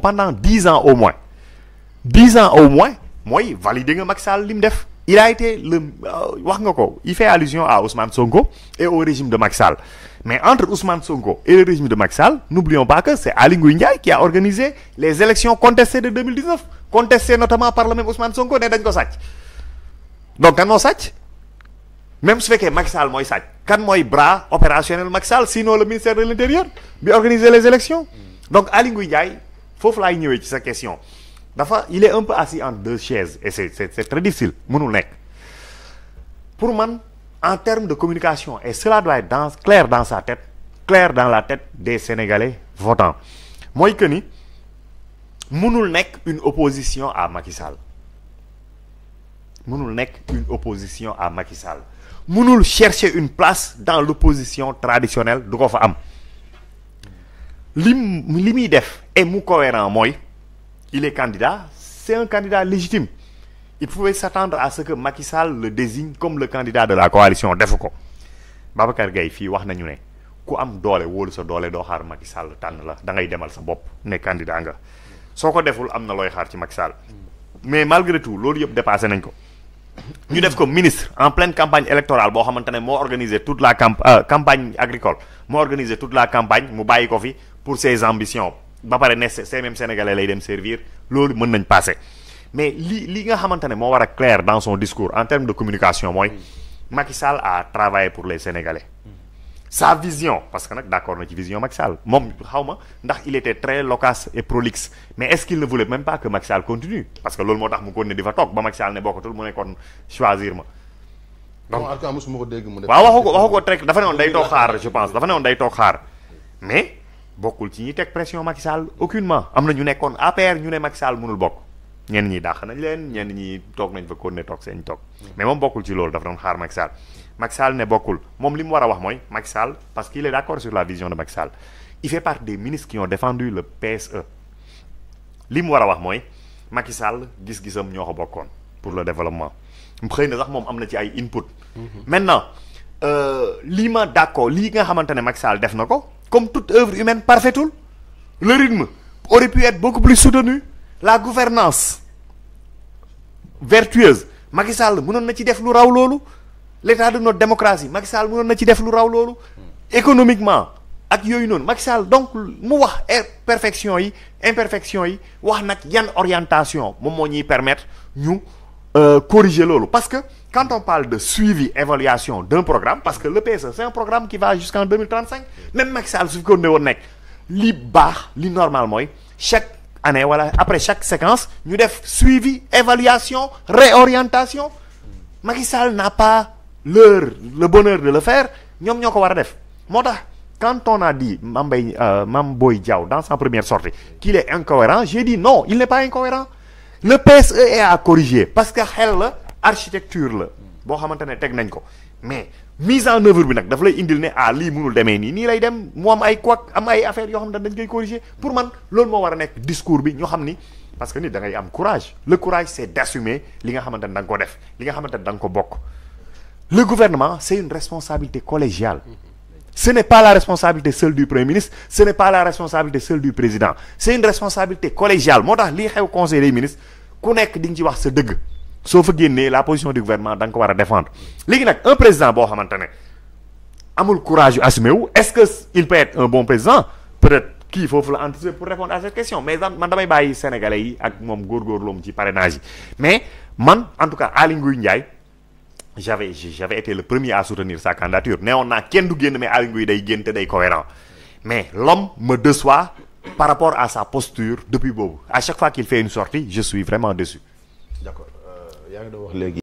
pendant 10 ans au moins 10 ans au moins Moi, valider validé Maxal Limdef. il a été le euh, il fait allusion à Ousmane Sonko et au régime de Maxal. mais entre Ousmane Sonko et le régime de Maxal, n'oublions pas que c'est Ali qui a organisé les élections contestées de 2019 contestées notamment par le même Ousmane Sonko et donc quand on sait même fait que Macky Sall Quand sàcc kan bras opérationnel Maxal, sinon le ministère de l'intérieur bi organiser les élections mm. donc Ali sa question il est un peu assis en deux chaises et c'est très difficile pour moi, en termes de communication et cela doit être clair dans sa tête clair dans la tête des Sénégalais votants mooy que ni une opposition à Macky Sall mënul une opposition à Macky Sall Je chercher une place dans l'opposition traditionnelle de ko li est et cohérent il est candidat c'est un candidat légitime il pouvait s'attendre à ce que Macky Sall le désigne comme le candidat de la coalition defu ko Babacar Gaye fi wax nañu ne ku am doolé wóolu sa doolé do xaar Macky Sall tan la da ngay démal sa bop né candidat nga Soko deful amna loy ci Macky Sall mais malgré tout lolu yeb dépassé nañ ko ñu def ko ministre en pleine campagne électorale bo a mo toute la euh, campagne agricole mo organisé toute la campagne mu bayiko fi pour ses ambitions ba paré ces mêmes sénégalais lay dem servir lolu meun nañ mais li li nga clair dans son discours en termes de communication moy Macky Sall a travaillé pour les sénégalais. Mm. sa vision parce que nak d'accord notre na vision Macky Sall mom il était très loquace et prolixe mais est ce qu'il ne voulait même pas que Macky Sall continue parce que lolu motax mu di fa Macky Sall mu kon choisir ma. je pense mais bokul ci ñi tek pression Macky Sall aucunement amna ñu nekkoon APR ñu ne Macky Sall mënul bokk ñen ñi dakh nañ leen ñen ñi tok nañ fa kon ne toog seen tok mm. mais mom bokul ci lool dafa don xaar Macky Sall Macky Sall ne bokul mom lim wara wax moy Macky Sall parce qu'il est d'accord sur la vision de Macky Sall il fait partie des ministres qui ont défendu le PSE lim wara wax moy Macky Sall gis-gisam ñoko bokkon pour le développement xëy na sax moom am na ci ay input mm-hmm. maintenant euh, lii ma d'accord lii nga xamante ne Macky Sall def na ko comme toute œuvre humaine parfaite, le rythme aurait pu être beaucoup plus soutenu la gouvernance vertueuse Macky l'état de notre démocratie économiquement donc mu er perfection imperfection y wax une orientation qui nous permet permettre euh, corriger l'eau parce que quand on parle de suivi évaluation d'un programme parce que le PSE c'est un programme qui va jusqu'en 2035 même Macky Sall qu'on normal chaque année voilà après chaque séquence nous def suivi évaluation réorientation Macky n'a pas l'heure le bonheur de le faire nous ñoo ko quand on a dit euh, Diao dans sa première sortie qu'il est incohérent j'ai dit non il n'est pas incohérent le PSE est corrigé parce que l'architecture, la architecture la ne mais mise en œuvre bi daf indil ne ah, quoi am ay corriger pour man discours bi parce que courage le courage c'est d'assumer li nga xamante ne def le gouvernement c'est une responsabilité collégiale ce n'est pas la responsabilité seule du Premier ministre, ce n'est pas la responsabilité seule du président. C'est une responsabilité collégiale. Moi, tax lii xew conseil des ministres ku que di se ci Sauf que la position du gouvernement da nga défendre Maintenant, un président boo il a amul courage d'assumer assumé est-ce qu'il peut être un bon président peut-être qu'il faut tout anticiper pour répondre à cette question mais man damay les sénégalais yi ak moom góorgóorloom ci parrainage mais man en tout cas à Ndiaye j'avais j'avais été le premier à soutenir sa candidature on a ken du guen mais ay ngui day cohérent mais l'homme me déçoit par rapport à sa posture depuis bobu à chaque fois qu'il fait une sortie je suis vraiment déçu d'accord euh,